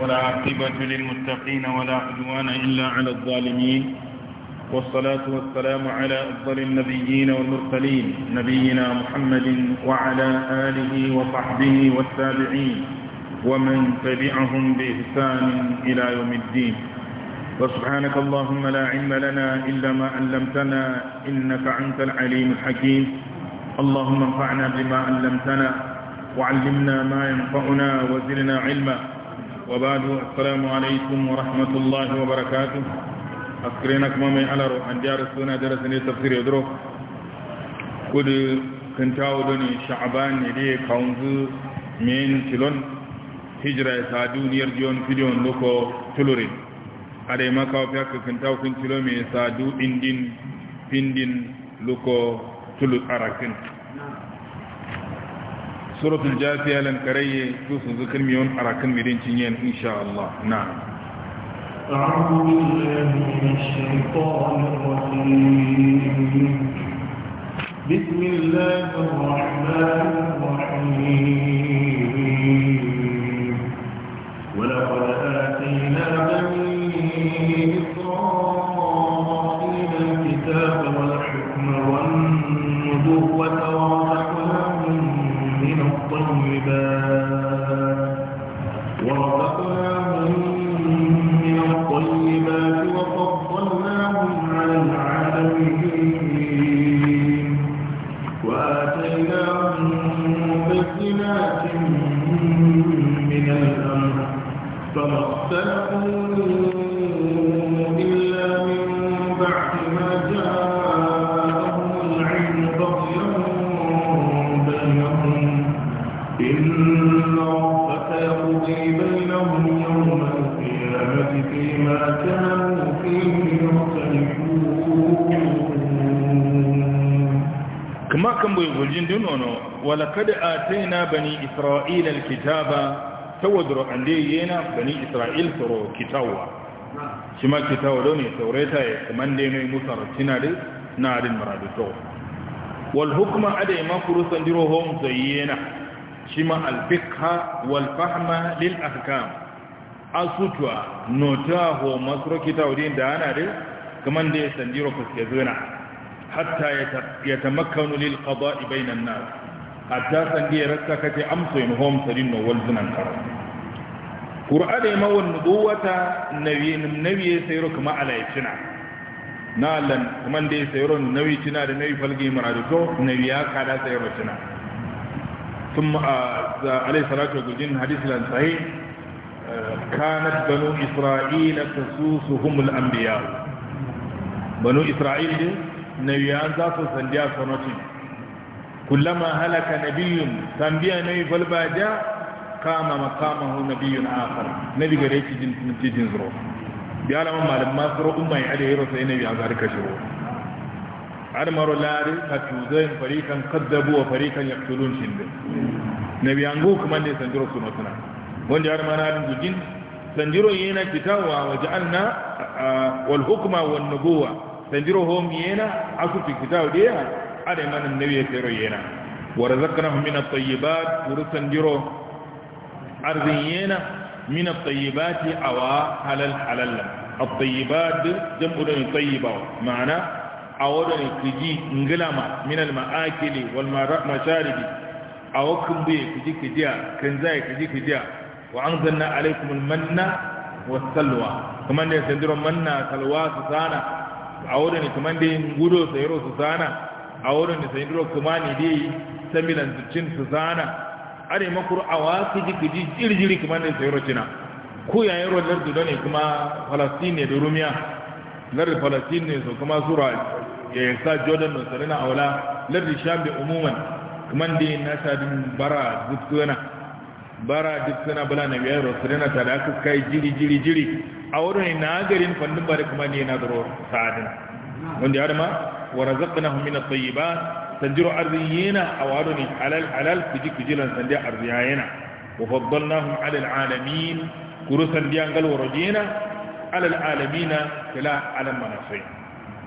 ولا عقبة للمتقين ولا عدوان إلا على الظالمين والصلاة والسلام على أفضل النبيين والمرسلين نبينا محمد وعلى آله وصحبه والتابعين ومن تبعهم بإحسان إلى يوم الدين وسبحانك اللهم لا علم لنا إلا ما علمتنا إنك أنت العليم الحكيم اللهم انفعنا بما علمتنا وعلمنا ما ينفعنا وزرنا علما وبعد السلام عليكم ورحمة الله وبركاته أذكرينك مامي على رو أن جارسونا درسني تفسير يدرو كد كنتاو دوني شعبان يدي كونزو من تلون هجرة سادون يرجون فيديون لوكو تلوري أدي ما كاو بيك كنتاو كنتلو مي سادو اندين فيندين لوكو تلو أراكين سورة الجاثية لن كريي جوث ذكر ميون أراكن ميرين تنين إن شاء الله نعم أعوذ بالله من الشيطان الرجيم بسم الله الرحمن الرحيم ولقد آتينا بني فما إلا من بعد ما جاءهم العلم بينهم إن ربك بينهم يوم القيامة فيما كانوا فيه كما كان بيقول جندن ولقد آتينا بني إسرائيل الكتاب tawadro ande yena bani isra'il toro kitawa shi ma kitawa don ne taureta ya e kamande mai musar tinare na adin maradito wal hukuma adai ma kuru sandiro hom zayyena shi ma al fiqha wal fahma lil ahkam asutwa nota ho masro kitawa din da ana de kamande sandiro fuske zuna hatta yatamakkanu lil qada'i bainan nas hatta sange rakka kace amsoyin hom sadin no wal zunan karo ƙura'ada yi mawa nubuwata nabi ya sayaro kuma alayyacina na lan kuma da sai sayaro nabi cina da nabi falgi maradito nabi ya kada sayaro cina sun Salatu da alaisalatu gujin hadisi lantari kanat banu isra'ila ta su su humul ambiya banu isra'ila din nabi ya za su sandiya sanotin kullama halaka nabiyun tambiya nabi falbaja kama makamahu nabiyyun akhar na gare ki jin jin zuro ya lama malam ma zuro umma ya da yaro sai nabi an zarka shiro almaru lari katuzain farikan kaddabu wa farikan yaqtulun shinde Na an go kuma ne sanjiro suno suna wanda har mana din jin yi yana kitawa wa na wal hukma wan nubuwa sanjiro hom yana aku fi kitawa da ya ada mana nabi ya tsero yana wa razaqnahum min at-tayyibat wa sanjiro arzinyena min at-tayyibati awa halal halalla at-tayyibat jam'u da tayyiba ma'ana awa da kiji ngilama min al-ma'akili wal masharibi awa kun bi kiji kijiya kan zai kiji wa anzalna alaykum al-manna was-salwa kuma ne manna salwa su sana awa da kuma ne gudo su awa cin su are makuru awaki jikiji jirjiri kuma ne sayro cina ku ya yaro lardu da ne kuma falastin ne da rumiya lardu falastin ne so kuma sura ya sa jordan da sarina awla lardu sham da umuman kuma da na din bara dukkana bara dukkana bala na yaro sarina ta da aka kai jiri jiri jiri a wurin na garin fannin bare kuma ne na daro sadin wanda ya dama wa razaqnahum min at-tayyibat sanjiro arziyina a wado ne halal halal kuji kujilan sandi arziyayina wa faddalnahum ala alalamin kuru sandi an galwa rajina ala alalamina kala alam manasai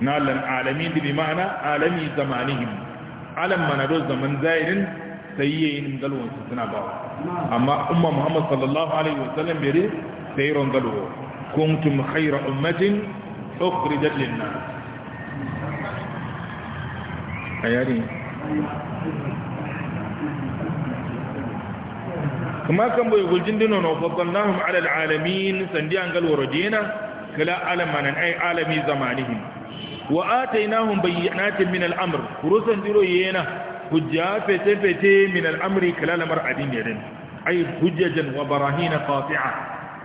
na alam alamin bi ma'ana alami zamanihim alam manado zaman zairin sayyayin galwan su suna bawa amma umma muhammad sallallahu alaihi wasallam bere sayron galwa kuntum ummatin a yari kan bai guljin dino na fasallahu ala alalamin sandi an galwa rajena kala alamanan ai alami zamanihim wa atainahum bayyanatin min al'amur, rusan diro yana hujja fete fete min al'amuri kala lamar adin yadin ai hujjajen wa barahina qati'a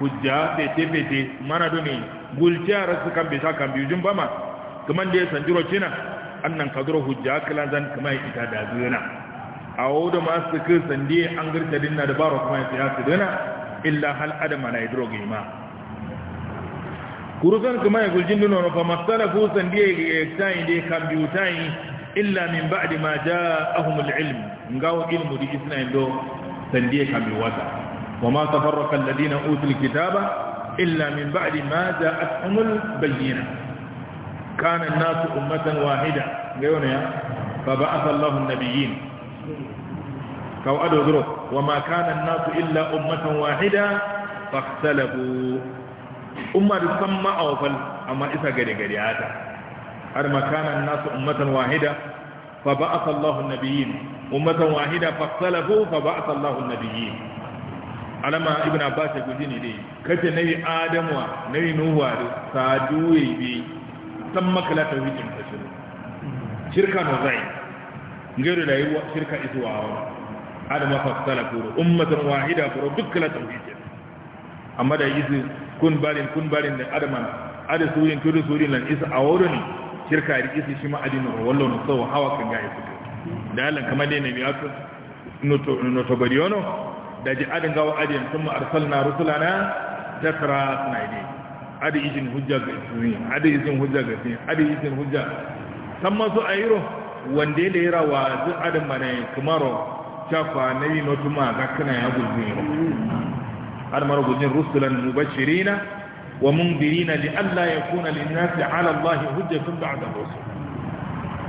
hujja fete fete mana dumi gulciya rasu kan bisa kan biyujin bama kaman da ya sanjiro cina annan kadro hujja kala zan kuma ita da zuna awo da masu kin sandi an girta dinna da baro kuma ya su dana illa hal adama na hidrogi ma kurusan kuma ya guljin dino no fa masala fu sandi ya tai dai kan biyu tai illa min ba'di ma ja'ahum al-ilm ngawo ilmu di isna indo sandi ya kan biyu wata wa ma tafarraqa alladhina utul kitaba illa min ba'di ma ja'atuhum al-bayyinah kana nasu ummatan wahida ga yau ne ya fa ba'atha Allahu an-nabiyyin kaw ado zuro wa ma kana nasu illa ummatan wahida fa ikhtalafu umma da samma awfal amma isa gare gare haka har ma kana nasu ummatan wahida fa ba'atha Allahu an-nabiyyin ummatan wahida fa ikhtalafu fa ba'atha Allahu an-nabiyyin alama ibn abbas ya guji ne dai kace nabi adamu nabi nuhu da sadu bi. san maka la tawhidin bashir shirka no zai ngere da yiwa shirka izuwa wa adama fa salafu ummatan wahida fa dukka la tawhidin amma da yizi kun barin kun barin da adama ada suyin kudu suyin nan isa awurin shirka ri isi shi ma adina wallo no so hawa kan ga yisu da lan kamar dai ne bi aka no to no to da ji adin gawo adin sun mu arsalna rusulana tatra naidi ada izin hujja ga isin ada izin hujja ga isin ada izin hujja san masu ayiro wanda da yira wa zu adam bane kumaro chafa nayi no tuma ga kana ya gulbin har mara gulbin rusulan mubashirina wa mundirina li alla yakuna lin nasi ala allah hujjatun ba'da rusul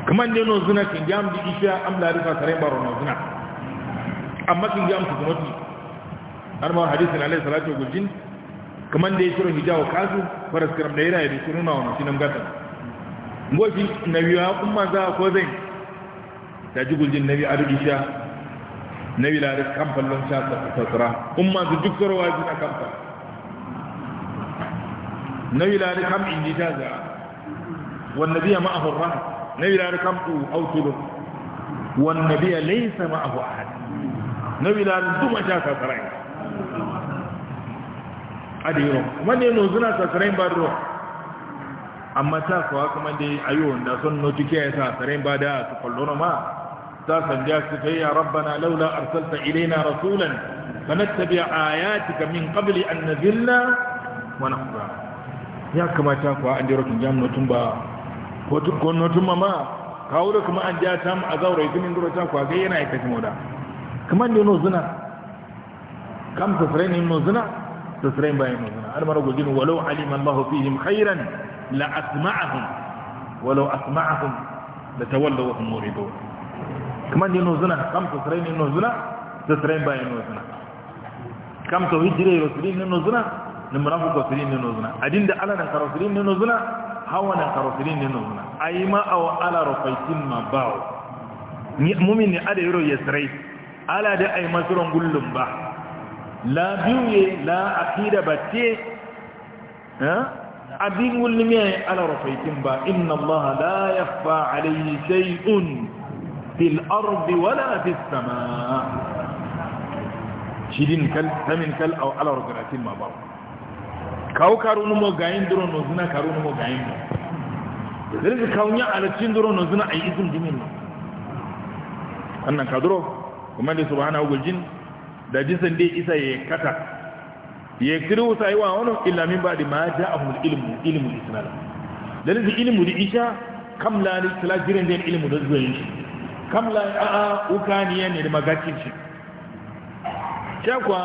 kaman ne no zuna kin jam di isha am la rifa tare baro no zuna amma kin jam ku kuma har mara hadisin alaihi salatu wa gulbin kaman da ya yisiro hijawa kasu faras karam da ira da yisiro na wani sinan gata na nabi wa umma za a ko zai Ta da jugul din nabi adu isha Na biyu da kan fallon sha ta tsara umma zu duk sarwa zu na kamfa Na biyu da kam inji sha za wan nabi ma a ra Na biyu da kam tu autul wan nabi laysa ma a ahad Na biyu da duma sha ta tsara adiyo mande no zuna sa sarain barro amma ta kawa kuma dai ayo da son no tike sa sarain da su kollono ma ta sanja su kai ya rabbana laula arsalta ilaina rasulan fanattabi ayatika min qabli an nadilla wa nahra ya kamata kuwa an jira tun jam notun ba ko tun ko notun mama kawo da kuma an ja tam a zaure zinin duro ta kuwa ga yana aikaci moda Kuma ne no zuna kam sa ne no zuna تسرين باين مزنا أنا مرة قلت ولو علم الله فيهم خيرا لأسمعهم ولو أسمعهم لتولوا وهم مريدون كمان دي نوزنا كم تسرين نوزنا تسرين باين مزنا كم توهجري رسلين نوزنا نمرافو رسلين نوزنا أدين دعلا ألا ننكر رسلين ينوزنا هوا ننكر رسلين ينوزنا أي ما أو ألا رفيتين ما باو مؤمن أدى يرو يسري ألا دعي مزرون ما سرون قلهم باو la biye la akida batte abin wulmiya ala rufaitin ba inna allaha la yakhfa alayhi shay'un fil ardi wala fis samaa shidin kal samin kal aw ala rufaitin ma ba kaw karunu mo gayin duro no zuna karunu mo gayin no dare kawnya ala cin duro no zuna ay izin dimin no annan kaduro kuma da subhanahu wa ta'ala da jisan dai isa ya kata ya kiri wusa yi wa wani ilamin ba da ma ja a hulun ilimin ilimin islam da nufi ilimin da isha kam la ne tala jiran da ilimin da zuwa shi kam la a a uka ne ne da magacin shi shakwa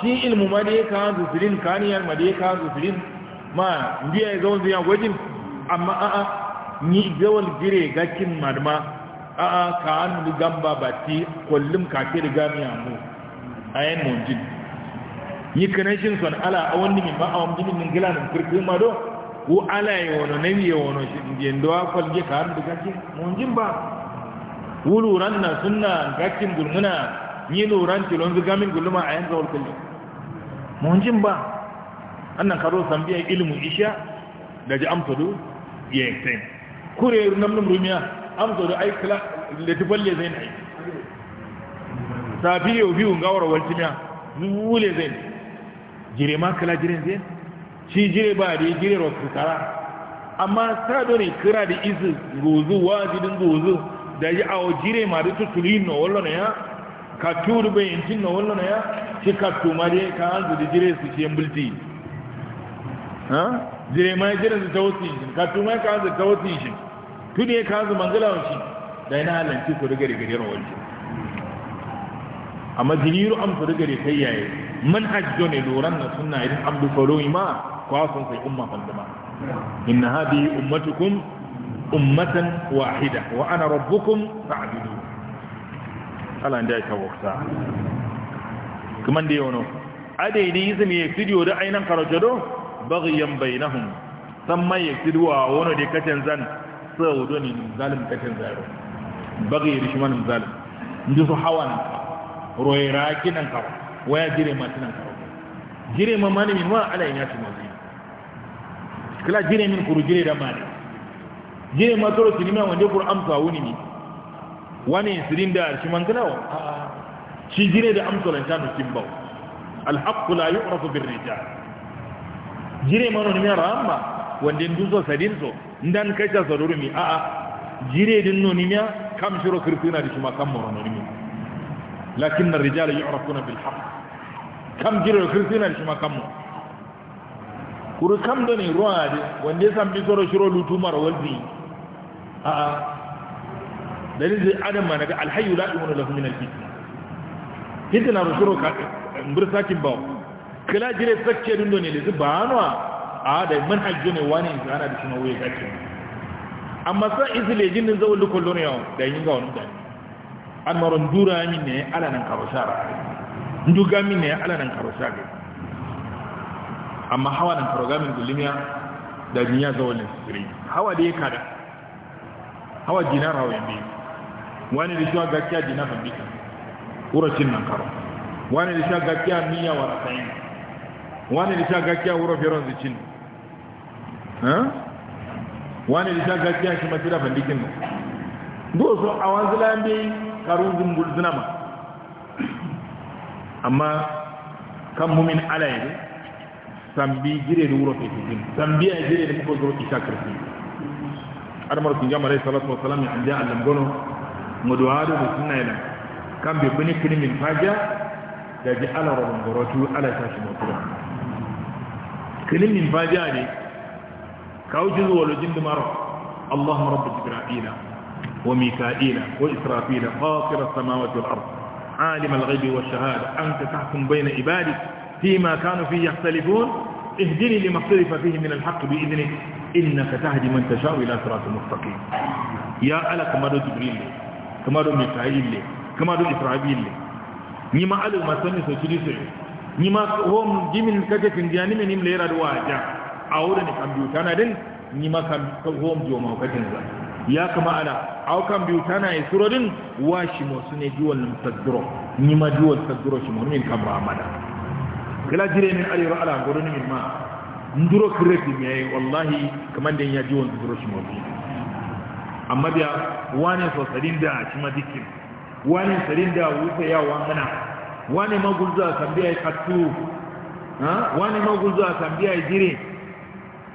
shi ilimin ma da ya kawo zuzurin kaniyar ma da ya kawo zuzurin ma biya ya zaun zuya gwajin amma a a ni zawal jire gakin marma a a kawo gamba ba ti kullum kafin gami a mu ayen monjin yi connection son ala awon ni ba awon jini min gila nan kurku ma do Wu ala ye wono ne ye wono shi ndiye ndo akol ge kan ndu gaki monjin ba wulu ranna sunna gakin gulmuna ni luran ti lonzu gamin gulma ayen zawul kulli monjin ba annan karo sambiya ilmu isha da ji amsadu ya yi kure namnum rumiya amsadu ai kala le tiballe zai na yi safi yau biyu ga warawar timiya zule zai jire ma kala jiren zai shi jire ba da jire rasu kara amma sado ne kira da izu gozu wajidin gozu da yi awo jire ma da tutuli na wallo na ya ka turu bayancin na wallo na ya shi ka tuma da ka hanzu da jire su ciyen bulti jire ma ya jire su ta wasu ishin ka tuma ka hanzu ta wasu ishin tuni ya ka hanzu mangala wancin da yana halanci su riga riga rawar amma jiniru am to daga ta yaye manhaj ne loran na sunna irin abdu following ma kwa sun sai umma fandama inna hadi ummatukum ummatan wahida wa ana rabbukum fa'budu ala nda ta wakta kuma da yono ade ne izmi ya fidiyo da ainan karajado baghyan bainahum samma ya fidiwa wono da kacen zan saudonin zalim kacen zaro baghi rishmanin zalim ndu hawan roira kinan kawo waya jire ma tinan kawo jire ma mani min wa ala ina su mazi kila jire min kuru jire da mani jire ma toro sinima wanda kuru amsa wuni ni wani sirin da shi man kana wa shi jire da amsa lan tanu kimbau alhaq la yu'rafu bir rijal jire ma non mera amma wanda nduzo sadin so ndan kaja zarurumi a a jire din nonimiya kam shiro kirtina di shi ma kan moro lakin ar-rijal yi bil haqq kam jiro kristina shi makamu kuru kam do ni ruwa ne wanda ya bi soro shiro lutumar mar walzi a a dalil zai adam ma daga alhayu la yu'minu lahu min al-fitna fitna rushuro ka mbirsakin bawo kila jire sakke dun do ne le zubanwa a da manhajjo ne wani in ana da shi wuye gaci amma sa izile jinin zaun lukon duniya da yin ga wani amaron dura min ne ala nan karosara nduga min ne ala nan karosara amma hawa nan karogamin gulimiya da duniya ne, sirri hawa da ya kada hawa dinar hawa yambe wani da shiwa gaskiya dinar hambika wuracin nan karo wani da shiwa gaskiya miya wa rasayin wani da shiwa gaskiya wuro firon zicin wani da shiwa gaskiya shi matira fandikin do so a wanzu lambe karuzun gulzunama amma kan mumin ala yadu sambi jire da wuro fetin sambi ya jire da muka zo isa karfi armar sun jama salatu wa salam ya an ja allam gono muduwado da sunna yana kan bi bini kini min faja da ji ala rabon gorotu ala sashi mutura kini min faja ne kawo jizo walojin dumar اللهم رب جبرائيل وميكائيل وإسرافيل فاطر السماوات والأرض عالم الغيب والشهادة أنت تحكم بين عبادك فيما كانوا فيه يختلفون اهدني لما اختلف فيه من الحق بإذنك إنك تهدي من تشاء إلى صراط مستقيم يا ألا كما دو جبريل كما دو ميكائيل كما دو إسرافيل نما ألو ما سنة سوشيدي نما هم جميل كجفن دياني من نم ليرا دواجا أولا نكمبيوتانا دين نما كم هم جوما وكجنزا ya kama ana aukan biyu tana isurodin wa shi mo sune juwal mutadro ni ma juwal tadro shi mo kan ba amada kala jire min ali ra ala goroni min ma nduro kreti mi ay wallahi kaman den ya juwal tadro shi bi amma biya wani so sadin da shi ma dikin wani sadin da wuce ya wangana wani magulza tambiya ya katu ha wani magulza tambiya ya jire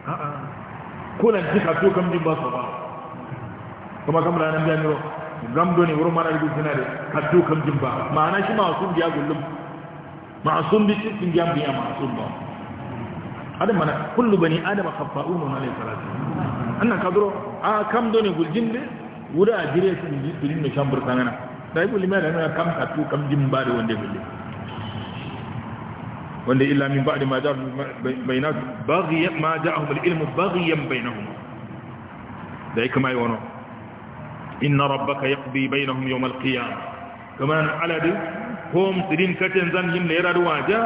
a'a Kuna jika to kam din ba so ba kuma kam ranan jami'o gamdo ne wurin mana rubutu na da kaddu kam jimba ma'ana shi ma'asum biya gullum ma'asum bi cikin jam biya ma'asum ba adam mana kullu bani adam khafa'un wa alayhi salatu annan kadro a kam do ne guljin de wura ajire sun bi bilin me shambur kanana dai gulima da na kam kaddu kam jimba da wanda gulle wanda illa min ba'di ma ja'a bainat baghiya ma ja'ahum al-ilmu baghiyan bainahum dai kuma yi wannan إن ربك يقضي بينهم يوم القيامة كما على دي هم سرين كتنزن هم يرادوا واجا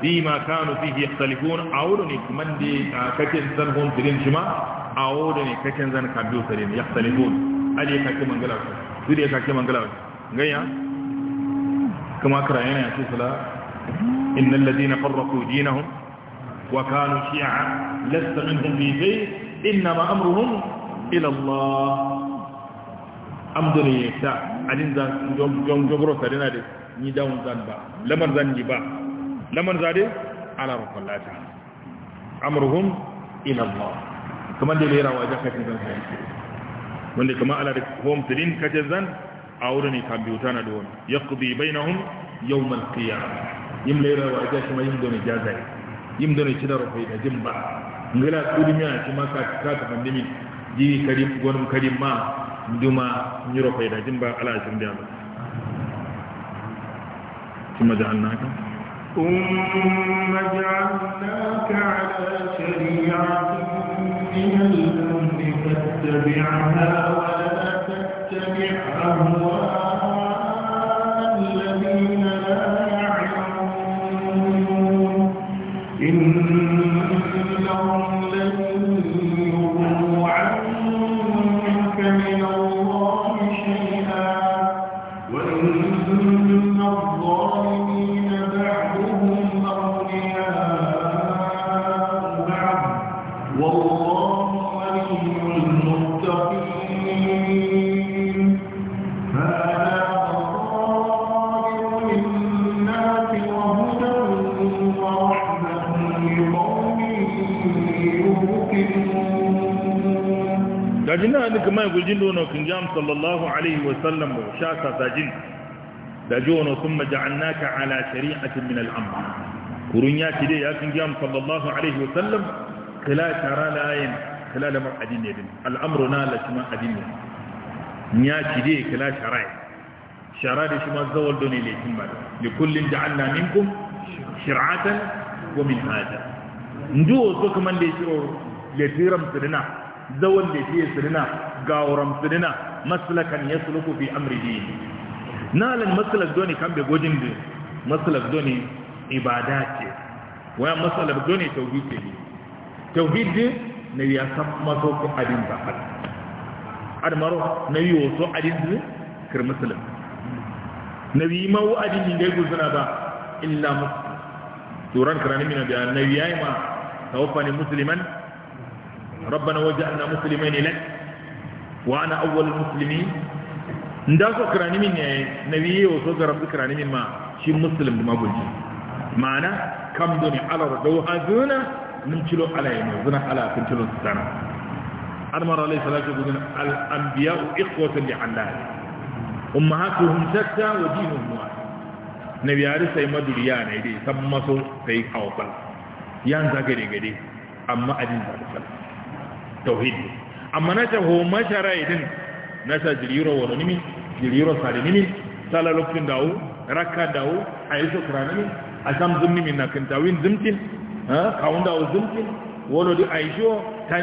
فيما كانوا فيه يختلفون أولوني كمان دي آه، كتنزن هم سرين شما أولوني كتنزن كبيو سرين يختلفون ألي يكاكي من قلعك سيري يكاكي من قلعك غيا كما كرأينا يا يعني سيسلا إن الذين فرقوا دينهم وكانوا شيعا لست منهم في شيء إنما أمرهم إلى الله amdone ye ta anin zan jogro sa dina de ni dawun zan ba lamar zan ni ba lamar zade ala rabballata amruhum ila Allah kuma da lera wajen kafin zan sai wanda kama ala da home din kace zan a wurin ne kambiuta na da wani yaqdi bainahum yawm al-qiyamah Yin lera wajen kuma yim ne. jazai da done cidar rufai da jin ba ngala kudi miya ci maka ka ta pandemi ji karim gonum karim ma nduma nyiro ko da jimba ala jin da ثم جعلناك ثم جعلناك على شريعة من الأمر فاتبعها ولا تتبع أهواء الذين لا يعلمون إنهم لن jin da wani wakil jam sallallahu alaihi wasallam ba sha sata jin da ji wani sun maja'an naka ala shari'atun min al'amma kurun ya ci ya kun jam sallallahu alaihi wasallam kila shara layin kila lamar adin din al'amuru na la shima adin ne ya ci dai shima zawal don ilaikin ba da da kullum da allah ninkum shir'atan wa min hajar wasu kuma da ya ci o letiram sirina zawon da gawram sunina maslakan yasluku fi amri dini nalan maslak doni kambe godin de maslak doni ibada ce wa maslak doni tauhid ce tauhid ne ya san maso ko adin ba hal admaro ne yi so adin de kar maslak nabi ma wa adin de guzuna ba illa muslim turan karani min da annabi yayi ma tawaffani musliman ربنا وجعلنا مسلمين لك وانا اول المسلمين nda so kirani min ne nabi yo so garab kirani min ma shi muslim ma bulji mana kam doni ala radaw hazuna min chilo ala yana zuna ala kun chilo sana anmar alayhi salatu bin al anbiya ikhwatan li allah nabi ari sai maduriya ne dai san maso sai hawbal yan zagare gade amma adin ta tauhid amma na ta homa sharai din na sa jiriro wani nimi jiriro sari nimi salalofin dawo rakka dawo a yi shukura nimi a sam zun nimi na kintawin zumtin kawun dawo zumtin wani di a yi sho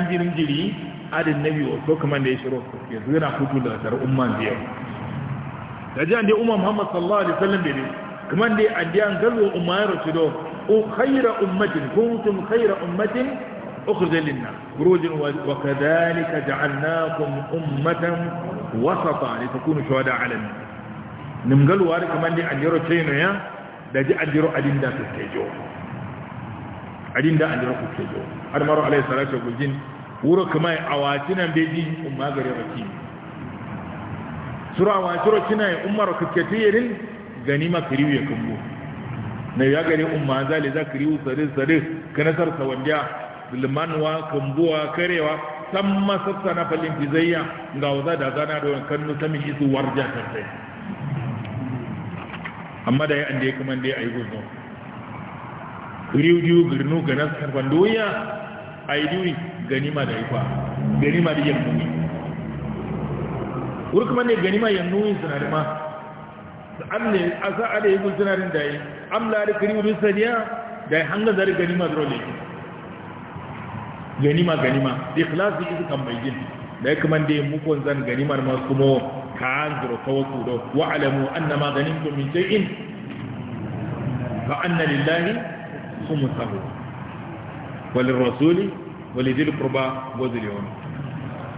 jirin jiri adin biyu wasu kuma da ya shiro yanzu yana kutu da tsar umman biyar da ji an dai umar muhammad sallallahu alaihi wasallam bai ne kuma dai an dai an galwa umar rasu o khaira ummatin kuntum khaira ummatin أخرج للناس خروج وكذلك جعلناكم أمة وسطا لتكونوا شهداء على الناس نمقل وارك من دي أجيرو تشينو يا دا جي أجيرو أدين دا تستيجو أدين دا أجيرو تستيجو أدمارو عليه الصلاة والجين wuro kuma ya awacina beji umma gare raki sura awaciro kina ya umma rakakatirin ganima kiriu ya kambo na ya gare umma zale za kiriu sare sare kanasar sawandiya bilmanwa kumbuwa karewa san masassa na falin fizayya ga wuza da zana da ta mishi isu warja tattai amma da ya an da ya kuma da ya aigo zo riwdiyu girnu ga nasu karfan doya a yi duri ganima da ya kwa ganima da yammuni wuri kuma ne ganima yammuni sinadar ma amne asa ada yi sinarin da yi amla da kiri wuri saniya da ya hanga zari ganima zaro ne ganima ganima ikhlasi isu kan mai jin da ya kuma da mukon zan ganimar masu mo ka an zuro kawo ku da wa alamu anna ma ganimtum min shay'in fa anna lillahi khumsahu wa lirrasuli wa lidil qurba wa dhil yawm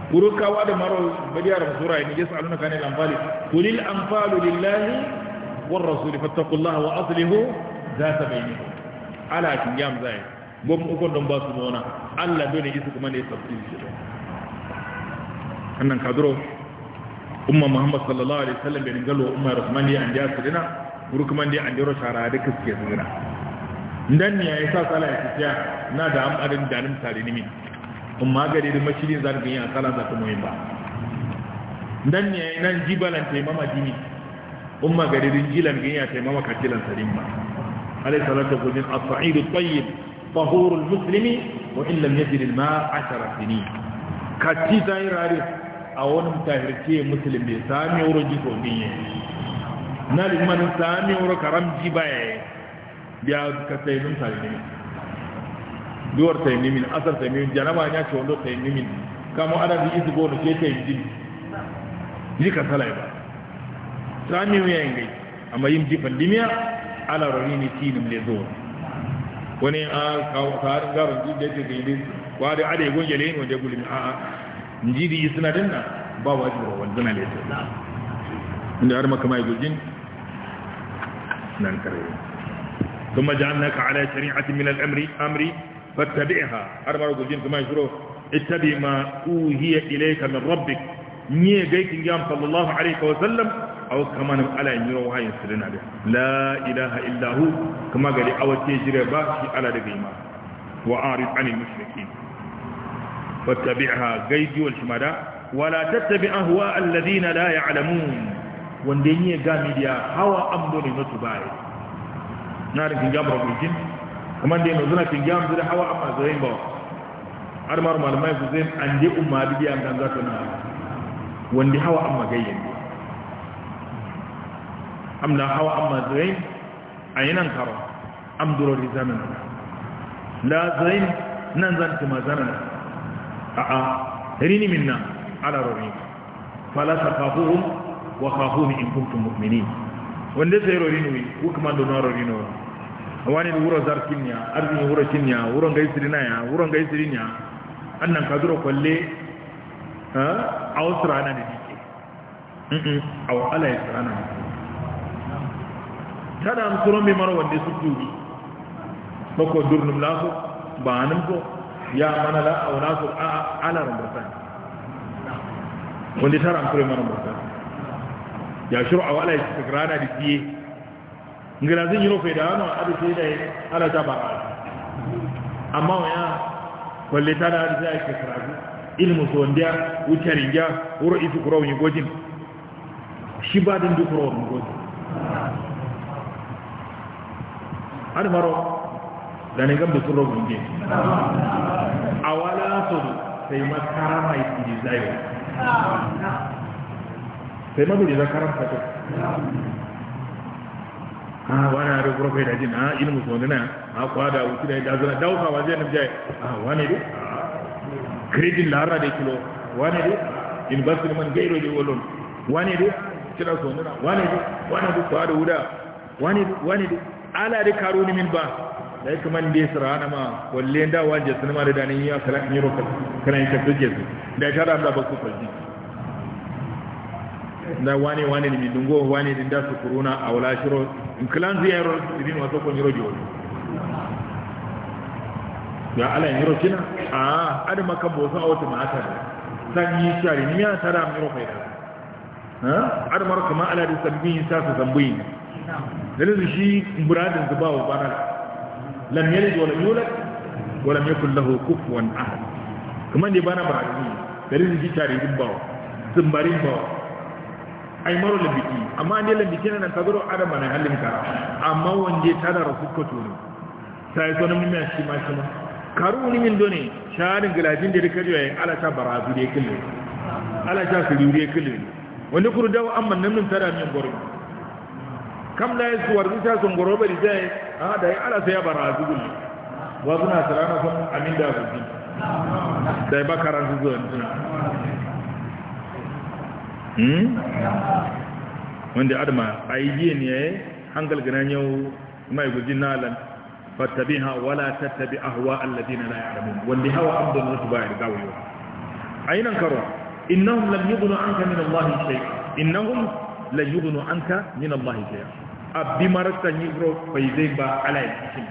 kurukawa da maro badiyar sura ne yasaluna kanil anfal qulil anfalu lillahi war rasul fattaqullaha wa aslihu ذات بينكم على كيام ذلك gom ukon don ba su nuna, Allah dole isu kuma ne tafsir shi annan kadro umma muhammad sallallahu alaihi wasallam bin galo umma rahmani an ja sirina burkuman dai an diro shara da kaske sirina dan ne yayi sa sala ya tafiya na da amarin da nan tare ni min umma gari da mashiri zan gani a sala za ta muhim ba dan ne yayi nan jibalan tai mama dini umma gari din jilan gani ya tai mama katilan sarin ba alaihi salatu wa sallam as-sa'id at-tayyib طهور المسلم وان لم يجد الماء عشر سنين كتي زائر عارف أو نمتهرتي مسلم بسامي ورجي سونية نال من سامي ورك رمجي باي بيا كتي نمتهر نمي دور تي نمي اثر تي نمي جنبا نيا شوندو تي نمي كامو أنا دي إيسي بونو كي تي نمي دي كتلا يبا سامي ويا اما أما يمجي فالدمية على رهيني تينم دور wani a kawarin garin jirgin jirgin jirgin wari a da ya gunje layin wajen gulmi a a jiri suna dinna ba wajen rawar zana ne ta inda har maka mai gujin nan kare ثم جعلناك على شريعة من الأمر أمري فاتبعها أربع جزين كما يشروه اتبع ما أوهي إليك من ربك نيه جيت sallallahu الله wa sallam Au kama nam ala yiro wahayin sirina da la ilaha illa hu kuma gari awace jira ba shi ala daga yi ima wa arid anil mushrikin gai, gaidi wal shimada wala tattabi ahwa alladhina la ya'lamun wanda yin ga media hawa ambone no tubai na da kingam rabujin kuma da yanzu na kingam zira hawa amma zai ba har mar malamai ku zai an je umma biya dan zato na wanda hawa amma gayyen am la hawa am yi ayinan karo am durori zaman la zai nan zan kuma zaman a a rini minna ala rori fala tafahuhum wa khafuni in kuntum mu'minin wanda sai rori ne ku kuma don rori ne wani wuro zarkin ya arzini wuro kin ya wuron gaisiri na ya wuron gaisiri ya annan ka zuro kwalle a wasu rana da dike a wahala ya na. ne tadam toro mi maro su sujjudi bako durnum ba banam ko ya manala aw naso a ala rambutan wonde an toro maro rambutan ya shuru aw ala istikrana di tiye ngira zin yino fe da no adu fe da ala ta bara amma waya walle tada da zai istikrana ilmu so ndiya wucarinja wuro isu kurawin gojin shi ba din duk kurawin gojin har maro da ne gambe sun rogo ne a wala su sai ma karama yi dizayo sai ma bi da karama ta a wani a rikuru kai dajin a ilimin sondina a kwada wuce da ya dazuna dauka wa zai nufjai a wani ne kredin lara da kilo wani ne university man gairo da wolon wani ne kira sondina wani ne wani ne kwada wuda wani ne ala de karuni min ba dai kaman de sirana ma walle da waje ma da danin ya kala ni yiro kana yin su da shara da ba ku faji da wani wani mi dungo wani din da su kuruna a wala shiro in ya zai yiro din wato ko yiro jiwo ya ala yiro kina a ada maka bosa a ma mata san yi shari ni ya tara mi ro kai ha ada maka ma ala da sabbi sa su zambuyi yanzu shi muradin da wa barar lam yalid wa lam yulad wa lam yakul lahu kufuwan ahad kuma ne bana barani dalilin ji tare din bawa zumbarin ba ai maro biki amma ne biki nan ka zuro adama nan halin ka amma wanda ta da rukuka to ne sai to nan mun shi ma shi ma karu ni min done sharin gilajin da rikari yayin ala ta barazu da kullu ala ta sirure kullu wanda kurdawa amma nan mun tara min gorbi kam la yesu warisa songoro bari sai a da yi, ala sai bara zugul Ba suna sarana kun amin da gubi da ba karan su zo hmm wanda adama a yi ayi ne hankal gana yau mai gujin nalan fattabiha wala tattabi ahwa alladina la ya'lamun wanda hawa abdun rutba irgawiyo ainan karo innahum lam yughnu anka min allahi shay'a innahum لا يغنوا عنك من الله شيئا abbi marasa yi ro bai zai ba ala ya cikin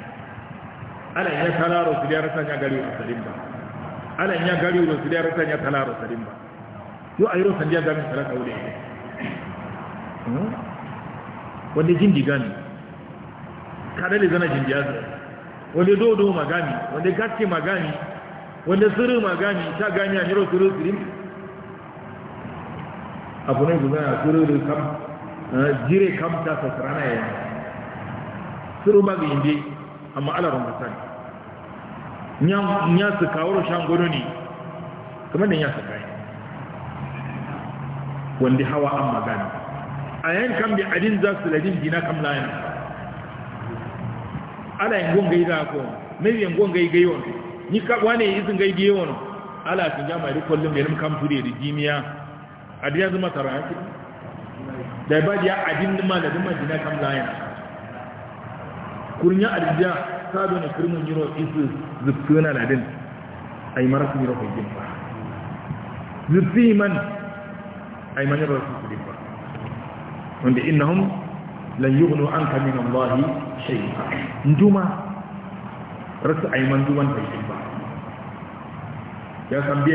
ala ya talaro su da rasa ya gari rosalin ba ala ya gari rosu da rasa ya ro rosalin ba yo ayi rosan ya gami talaka wuri ne wanda jindi gani kada le zana jindi azu wanda dodo magami wanda gaske magami wanda sirri magami ta gani a niro sirri sirri abu ne guda a sirri kam jire ta sa sarana ya suru ba ga inde amma ala ban kusa nya su kawo shan gono ne kamar da nya su kai wanda hawa an magana a yan kam bi adin za su ladin dina kam layan ala yin gongai za ko mai yin gongai gai wani ni ka wane izin gai gai wani ala kin jama'a da kullum da yin kam ture da jimiya adin ya zama tara ya ba daibadiya adin malamin madina kam layan kurnya adida sabo don kirmun yiro isu zuttuna na din ay marasu yiro ko jimba zufsi man ay man yiro ko jimba wanda innahum lan yughnu anka min allahi shay'a nduma rasu ay man duwan ko jimba ya san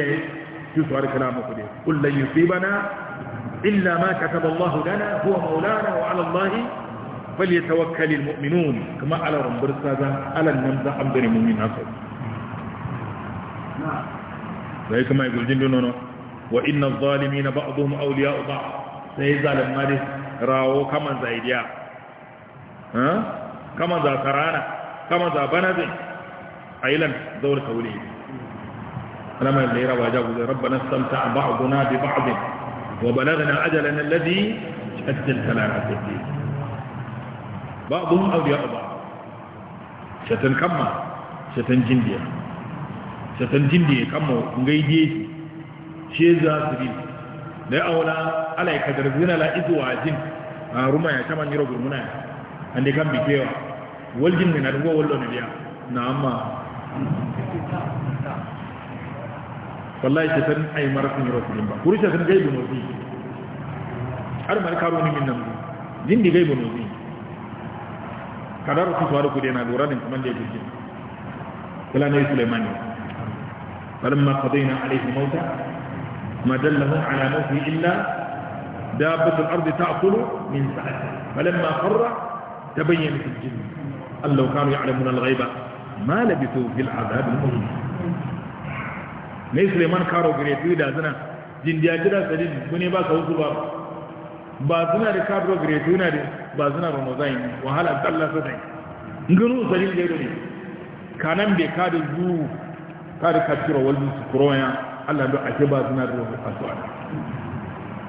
su suwar kana ko de kullu yusibana إلا ما كتب الله لنا هو مولانا وعلى الله فليتوكل المؤمنون كما على رب الرسالة على النمزة عبد المؤمن أصد زي نعم. كما يقول جندنا وإن الظالمين بعضهم أولياء بعض زي ظالم مالس راو كما زايديا ها كما زا كرانا كما زا بنزي أيلا دور توليه أنا ما يلي رواجه ربنا استمتع بعضنا ببعض وبلغنا أجلنا الذي أجلت لنا الدين بعضهم أولياء بعض شتن كما شتن جندية شتن جندية كما نجيجي شيزا سبيل لا أولا على كدر زنا لا إذو عزين رما يا كما نيرو برمنا عندي كم بكيوا والجن من الهو والله نبيا نعم wallahi ke san ai marasin yaro su ba kuri san gaibu nozi har mar karo ni min nan din di gaibu nozi kadar su tsaro ku dai na lura din kuma da yake kula ne Sulaiman falamma qadayna alayhi mauta ma dallahu ala mawti illa دابة الأرض تأكل من سعته فلما قر تبينت الجن أن لو كانوا يعلمون الغيب ما لبثوا في العذاب المهين ne suleiman karo grade da suna jindiya jira sadi ku ne ba ka wasu ba ba suna da karo grade na da ba suna ramazan wahala tsalla sosai ngunu sadi da ne kanan bai ka da zu ka da kafira wal musukuroya Allah do ake ba suna da wani kasuwa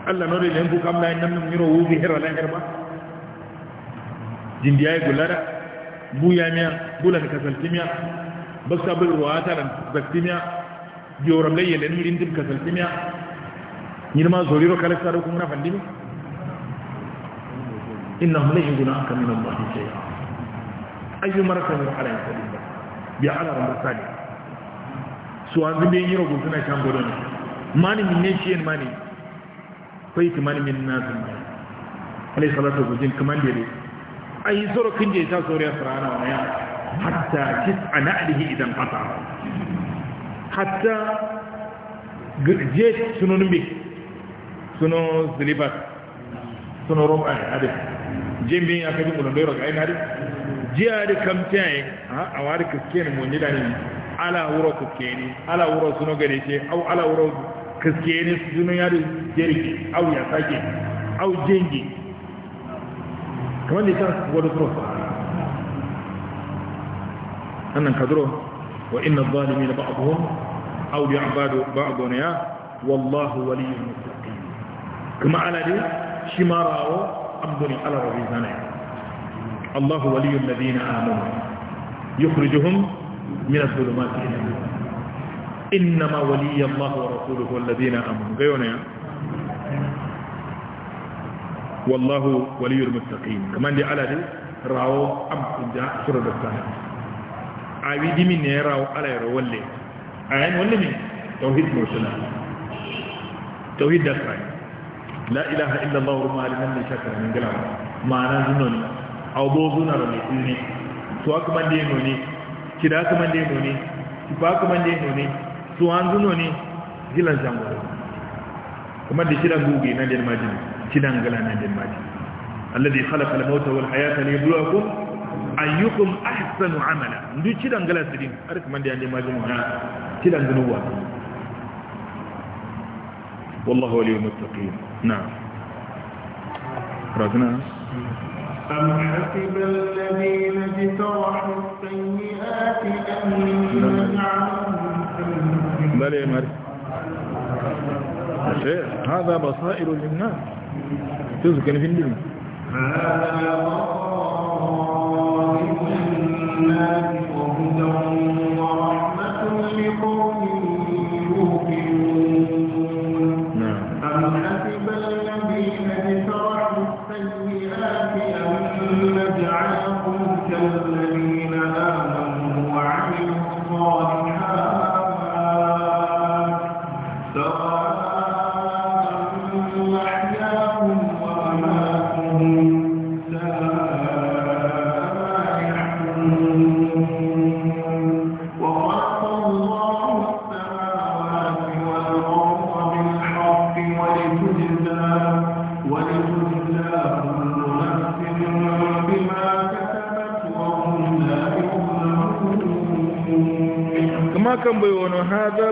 Allah no da ne ku kam lai nan miro bi hira lai ba jindiya gulara buya miya bulan kasaltimiya baska bulwa ta dan zaktimiya joram le yele ni rindim kasal kimya ni ma zoriro kala saro kuma na fandimi innahum la yunquna aka min Allah shay'a ayu marakamu ala sabila bi ala rabb sadi su an zinde yiro go suna kan ne. mani min ne ciyen mani kai ti mani min nasu alayhi salatu wa sallam kaman dele ayi zoro kinje ta zoriya sarana wani ya hatta kis analihi idan qata hatta je sunun bi suno silibas suno rom ay ade jembi akadi mo ndo roga ay nade jiade kam tay a awari kisken mo ni dani ala wuro kiskeni ala wuro suno gane ce au ala wuro kiskeni suno yadi jeri au ya sake au jengi kamar ne ta wadu suno annan kadro وإن الظالمين بعضهم أولياء بعضنا والله ولي المتقين كما على دي شما راو على ربي الله ولي الذين آمنوا يخرجهم من الظلمات إلى النور إنما ولي الله ورسوله والذين آمنوا غيرنا والله ولي المتقين كما على دي راو عبد جاء سورة الثانية awi dimi ne rawo ala yaro walle ayan walle ne tawhid mursala tawhid da kai la ilaha illa allah wa ma lam ne min gala ma'ana zunoni aw bo zuna ra ne ne to aka mande no ne kida aka mande no ne ba aka mande no ne to an zuno ne gilan jango kuma da kira gugu na den majin kidan gala na den majin alladhi khalaqa al-mauta wal hayata liyabluwakum ayyukum ahsanu ahsanu amala ndu ci dangala sidin ark man de ande majum na ci dangaluwa والله ولي المتقين نعم رغنا أم حسب الذين اجترحوا السيئات أن نجعلهم نعم. بل يا مريم إيه، هذا بصائر للناس تذكر في الدنيا هذا بصائر جنات وهدى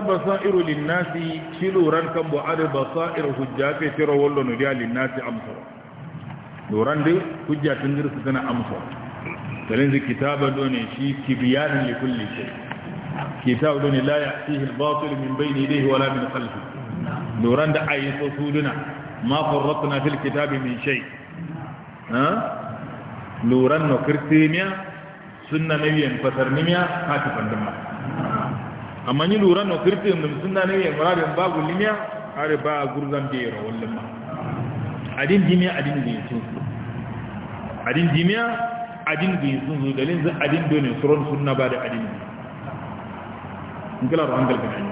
hada basairu linnasi shiluran kan bu ada basairu hujja ke tiro wallo no dia linnasi amsa doran de hujja tun dir su tana amsa dalin zai kitaba ne shi kibiyan li kulli shay kitab ne la ya'tihi al-batil min bayni yadayhi wala min khalfihi doran da ayi so suduna ma farratna fil kitabi min shay ha doran no kirtimiya sunna nabiyan fatarnimiya hatifan dinna amma ni lura no kirti mun sunna ne ya murare babu limiya are ba gurzan da yaro wallan ma adin dimiya adin da su adin dimiya adin ne zo dalin zan adin da ne suron sunna ba da adin Ngila ran da hangal kan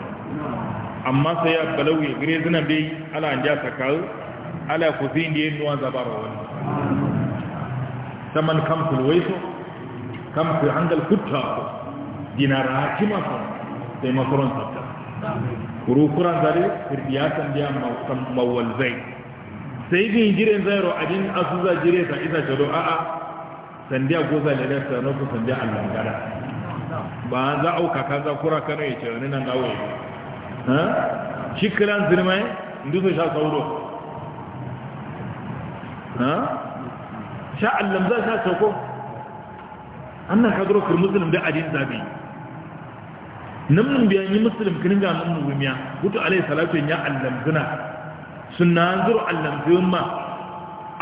amma sai ya balawi gire zina bai ala anja ja sakal ala kuzin da yin nuwan zabara wani saman kamfil waiso kamfil hangal kutta dinara kima kuma Sai makaron tsafta kurukuran zare irdiyasan biya mawal zai sai bin jiren zairo abin asuza jire ta isa shiro a'a sandiya goza lalar sanoku sandiya gada. ba za a auka ka za kura kana ya ce wani nan gawo shi kiran zirmai su sha sauro sha za sha soko annan kadro kirmusulun da adin zabi namnun biya ni muslim kin ga namnun gumiya wato alayhi salatu ya allamzuna sunna zuru allamzun ma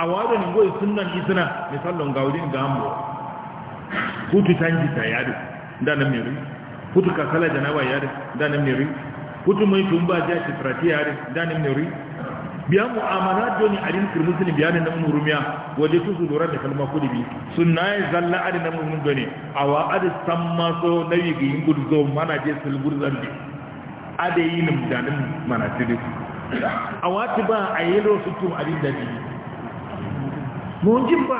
awado ni goyi ni isna ni sallon gaudi ga ambo wutu tanji ta yadu da nan kutu ka sala janaba yadi da nan ri wutu mai tumba ja ci frati yadi da nan ri biya mu'amala joni adin kir muslim biya nan namun rumiya waje su zulura da kalma kudi bi sunna ya zalla adin nan mun gane awa ad samma so nayi gi ingud zo mana je sulgur zambi ade yin da nan mana tidi awa ti ba ayelo tu adin da ji mun jin ba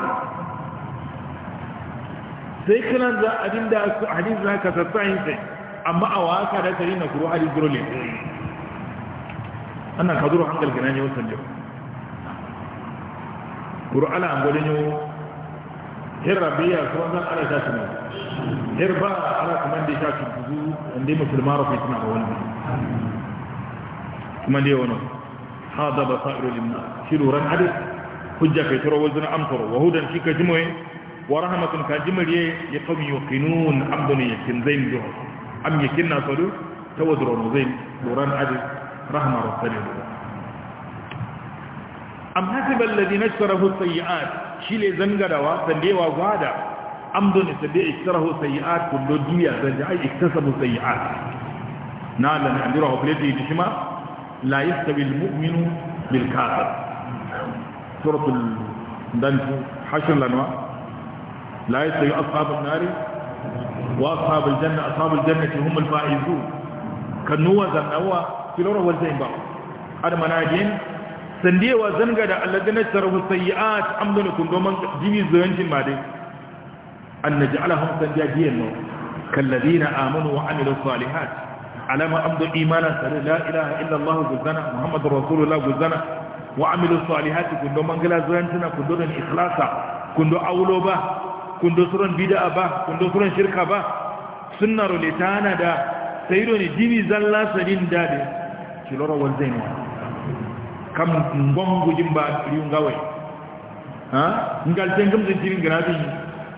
sai kana za adin da su hadin zaka yin sai amma awa ka da kare na kuro hadin gurole anna kaduru hangal gina nyo sanjo guru ala angole nyo her rabiya so an ala ta tuna her ba ala kuma ndi ta tudu ndi musulma rafi tuna ko wani kuma ndi wono hada basairu limna shiru ran hadis hujja kai turo wazna amtoro wa hudan shika jimoye wa rahmatun ka jimriye ya qawmi yuqinun amdun yakin zain duhu am yakin na sadu tawadronu zain duran hadis rahama rasulun am hasiban ladina ishtarahu sayyi'at shine zangarawa sandewa gwada amdun sabi ishtarahu sayyi'at kullu dunya zanja ai iktasabu sayyi'at na lan andirahu bilati dishma la yastawi almu'minu bil kafir suratul danfu hashr lanwa la yastawi ashabun nar wa ashabul janna ashabul jannati humul faizun kilora wazai ba almanajin sandewa zanga da alladina tarahu sayyi'at amdana kun domin jini zuwancin ma dai an naj'alahum sanjajiyan no kalladina amanu wa amilu salihat alama amdu imana sare la ilaha illa allah guzana muhammadur rasulullah guzana wa amilu salihati kun domin gala zuwancina kun domin ikhlasa kun do aulo ba kun do suran bid'a ba kun do suran shirka ba sunnar litana da sayro ne jini zalla sadin dade ciloro walzeni kam ngongu jimba riu ngawe ha ngal tengum de jirin gradi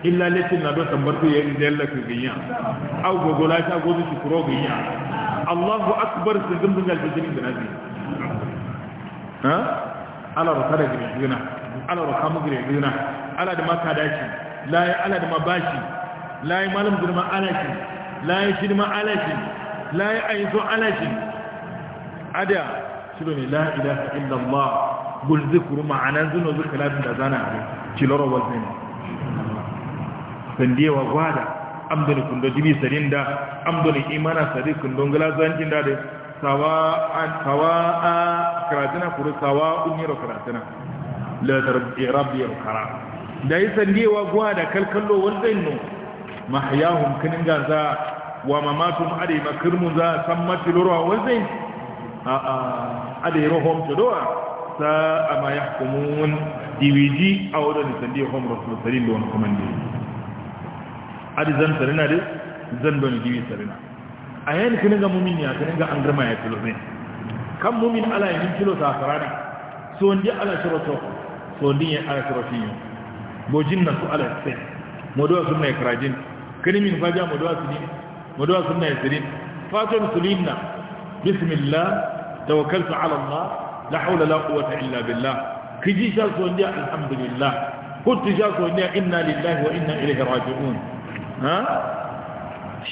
illa lati na do tambarku yen della ko ginya aw gogola ta go ci kuro ginya allahu akbar sirgum ngal de jirin gradi ha ala ro tare girin gina ala ro kamu girin gina ala da maka dashi la ya ala da mabashi la ya malam girma ala shi la ya ma ala shi la ya aizo ala shi ada cilo ne la ilaha illallah gul zikru ma'anan zuno la da zana ne ciloro wazin wa gwada amdani kundo sarin da amdani imana sarin kundo ngala zancin da da sawa'an sawa'a karatina kuru sawa'un yaro karatina la tarbi rabbi yaro kara da yi wa gwada kalkallo wazin no mahyahum kininga za wa mamatum adai makirmu za san matilurwa wazin adairohom jodowa ta a ma ya hukumun diwiji a wadda nisandiyar hom su sarin da wani komandi adi zan sarina da zan don diwi sarina a yayin kini ga mumin ya kini ga an girma ya kilo ne kan mumin ala yin kilo ta ne so ya ala shiroto so wani ya ala shirar fiye bojin na su ala sai modowa sunna ya karajin kini min fajiya modowa sunin modowa ya sirin fatan sulinna بسم الله توكلت على الله لا حول لا قوة إلا بالله كجي شاسو الحمد لله قلت شاسو إنا لله وإنا إليه راجعون ها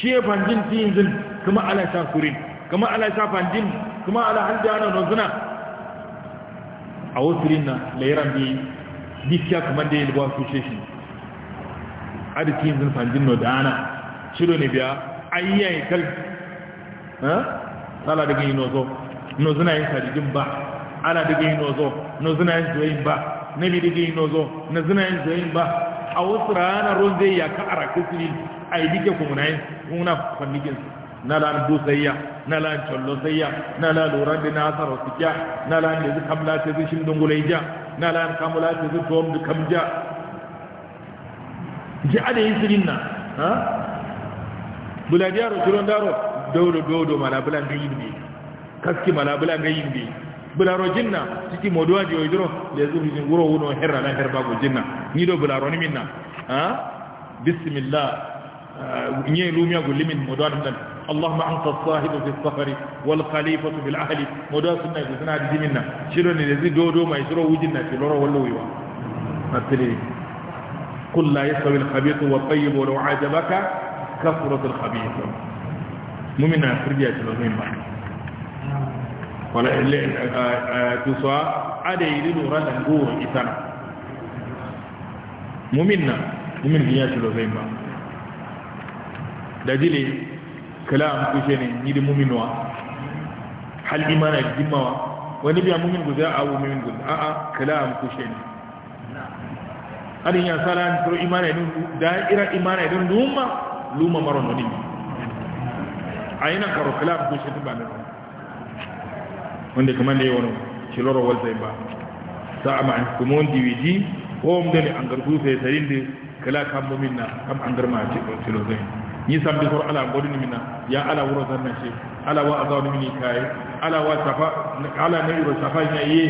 شيء فانجين تينزل كما على شاكرين كما على شافانجين كما على حد نوزنا نزنا أوسرنا ليران دي دي شاك من دي لبوا سوشيشن هذا تينزل فانجين نودانا شلو نبيا أيها يكلم ها Ala daga yi nozo no zina yin sarijin ba ala daga yi nozo no zina yin zoyin ba nabi daga yi nozo na zina yin zoyin ba a wasu ranar ron zai ya ka ara kusuri a yi dike kuma na yin kuna kwanikin na la an dusayya na la an cholo sayya na la loran da na asar sikya na la an yanzu kamla ta zai shin dungulai ja na an kamula ta zai tuwam da kamja ji ada yin sirin na ha buladiya rojiron daro dodo dodo mala bulan gayimbe kaski mala bulan gayimbe bularo jinna titi moduwa di le lezu rizin wuro wuno herra la herba go jinna ni do bularo ni minna ha bismillah nye lumia go limin moduwa dan اللهم انت الصاحب في السفر والخليفه في الاهل مودا سنة سنة دي منا شنو دو دو ما يشرو وجنا في لورو ولا ويوا مثلي قل لا يسوي الخبيث والطيب ولو عجبك كثرة الخبيث mumina firja ti lomi ma wala ile tu so ade yi lu ra dan go itana mumina mumin biya ti lomi ma dajili kalam ku shene ni di muminwa hal imana dimawa wani biya mumin guza a wu mumin guza a a kalam ku shene adin ya sala ni pro imana dun da ira imana dun luma luma maron ni ayina karo club ko shi ba ne wanda kuma ne wani shi loro walta ba sa ama an kuma wani dvd ko mu gani an garku sai sarin da kala kan mu minna kam an garma ce ko shi loro ni sam di ko ala godin minna ya ala wuro zanna shi ala wa azawni minni kai ala wa safa ala ne wuro safa ne yi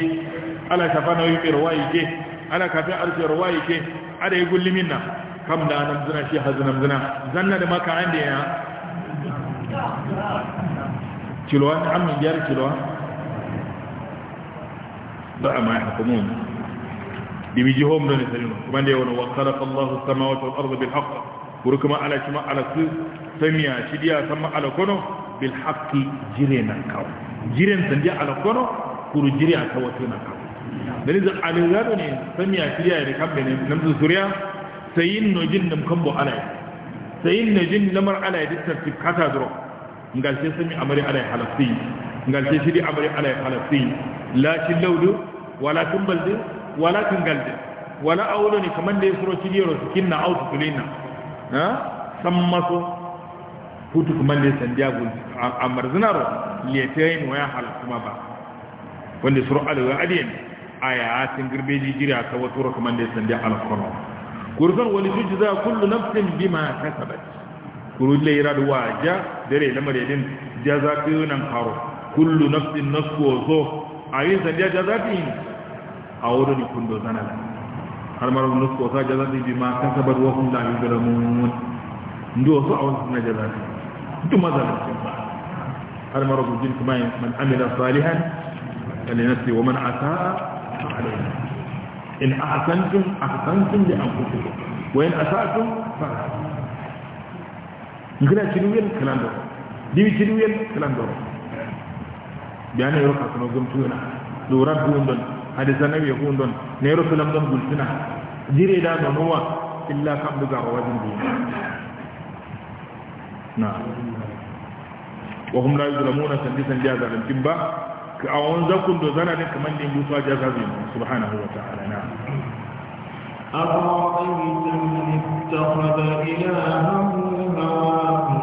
ala safa na yi ruwa yake ala kafin arfi ruwa yake ada yi gulli minna kam da nan zina shi hazinam zina zanna da maka ande ya kilowa ta amin biyar kilowa ba a mai hukumun dimi ji home don isarino kuma da yawon wakala allahu sama wata arzu bil haqqa kuri kuma ala shi ma'ala su samiya shi diya san ma'ala kono bil haqqi jire nan kawo jiren san diya ala kono kuru jire a kawo su nan kawo da ni zan alizado ne samiya shi diya da kan bene namzu suriya sayin nojin na kambo ala sayin nojin lamar ala ya distar kata zuwa ngalce sami amari alai halasi ngalce shi shiri amari alai halasi la shi laudu wala tun wala tun galde wala aulo ne kamar da ya suro shi yaro cikin na auto kulina ha san maso hutu kamar da sandiya gun a marzinaro letayin waya halasi ma ba wanda suro alawa adiyan aya sun girbe jijira ka wato kamar da sandiya alkurwa gurzon wani jujjuza kullu nafsin bima kasabat kurule iradu waja dere na maredin nan karo kullu nafsin nafsu zo ayin san jazatin awro ni kundo zanala har maro nafsu sa jazatin bima kasabat wa hum la yuzlamun ndo so awon na jazatin duma zalatin ba har maro gujin kuma man amila salihan falinafsi wa man asaa alayhi in ahsantum ahsantum li anfusikum wa in asa'tum fa ngina cinuyen kalando diwi cinuyen kalando biana yoro ka kono gum tuwena do rabbu ndon hade sanawi ko ndon ne yoro sulam don gultina jire da no wa illa kam ga wa wajin na wa hum la yuzlamuna sandisan jaza lam kimba ka awon zakun do zana ne kaman din busa jaza bi subhanahu wa ta'ala na من اتخذ إلهه هواه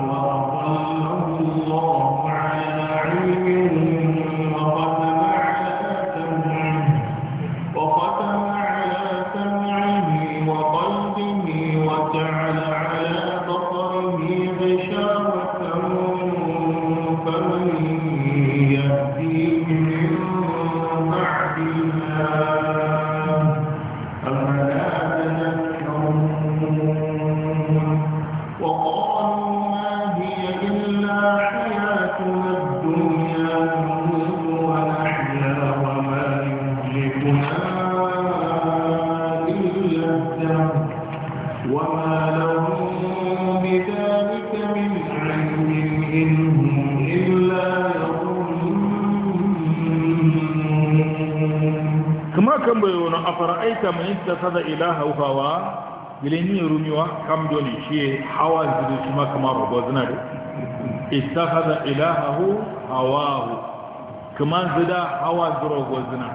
ara'aita ta sada ilaha hawa ileni rumiwa kamdoni shi hawa zidu kuma kamar robo zina da ittakhadha ilahahu hawahu kaman zida hawa zuro gozina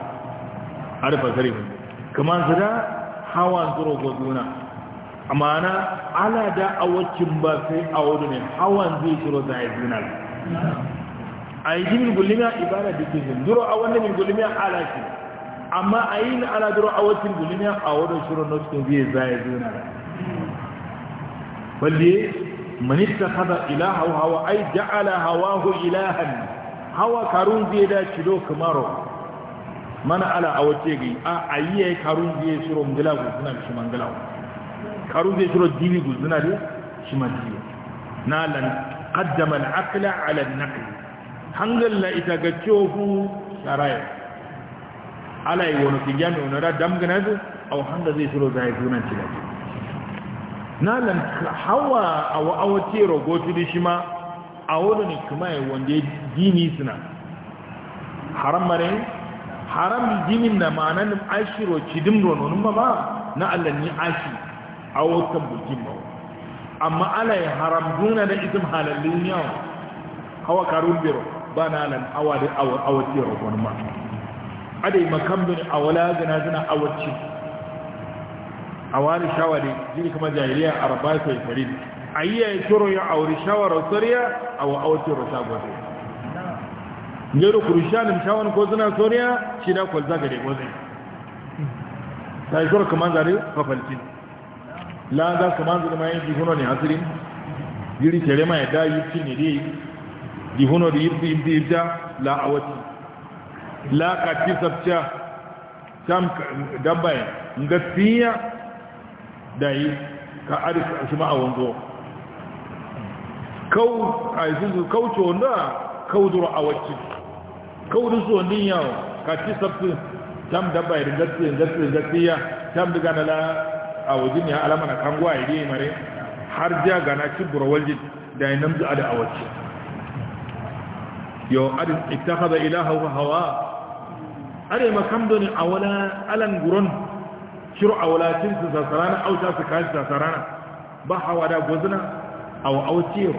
arfa zari mu kaman zida hawa zuro amma ana ala da awacin ba sai awudu ne hawa zai shiro zai zina a yi jimin gulmiya ibada da ke zinduro a wannan gulmiya ala shi amma a yi na ala duro a wacin gulmiya a wadon shirin na cikin zai zaya zuna da balle manista haza ilaha hawa ai ja'ala hawahu ilahan hawa karun zai da cido kamaro mana ala a wace gai a ayi ya karun zai shiro mgila guzuna da shi mangila karun zai shiro dini guzuna da shi mangila na lan qaddama al-aqla ala an-naql hangal la ita ga cewa ku sharaya ala yi wani kiyami wani da damgana zu a wahanda zai shiro zai zunan ci na lan hawa a wa'awace rogotu da shi ma a wani ne kuma yi wanda ya dini suna haram yi haram dinin na ma'anan ashiro cidin rononin ba ma na allan ni ashi a wata bukin ba amma ala yi haram duna da isim halallin yawon hawa karun biro ba na lan hawa da awace rogonin ma adai makambin awala gana zina awarci wacce a wani shawari jini kama jahiliya a rabba ta yi a yi yayin turo ya auri shawar sariya a wa awarci rasha gwazai gero kurishanin shawar ko zina sariya shi na kwalza gare gwazai ta yi turo kama zari fafalcin la za su manzu da mayan jihuno ne hasirin jiri tere ma ya da yi ci ne dai jihuno da yi fi yi la a wacce la ka ci tam dabbai ga fiya da yi ka arika shi ma a wanzo kau a yi sun kauce wanda kauduru a wacce kauduru su wanda yawo ka ci sabci tam dabbai da zafi zafi zafiya tam daga na la a wajen ya alama na kangwa ya yi mare har ja gana ci burawar da ya namzu a da a wacce Yau yo ita ittakhadha ilaha wa hawa are makamdo ni awala alan guron shiru awala tin su sasarana au ta su kai sasarana ba hawa da gozna aw aw tiro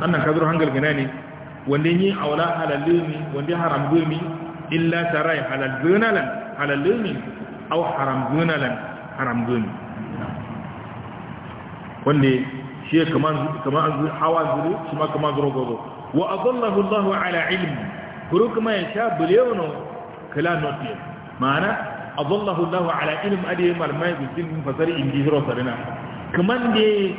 annan kadru hangal ne. wanda ni awala ne wanda haram gumi illa tarai halal gunalan halalumi aw haram gunalan haram gumi wanda shi kamar kamar hawa zuru shi ma kamar zuru gozo wa adallahu Allahu ala ilmi kuruk ma yasha bulewono kala notiye mana adallahu Allahu ala ilmi ade marmai bisin fasari indi hiro sarina kaman de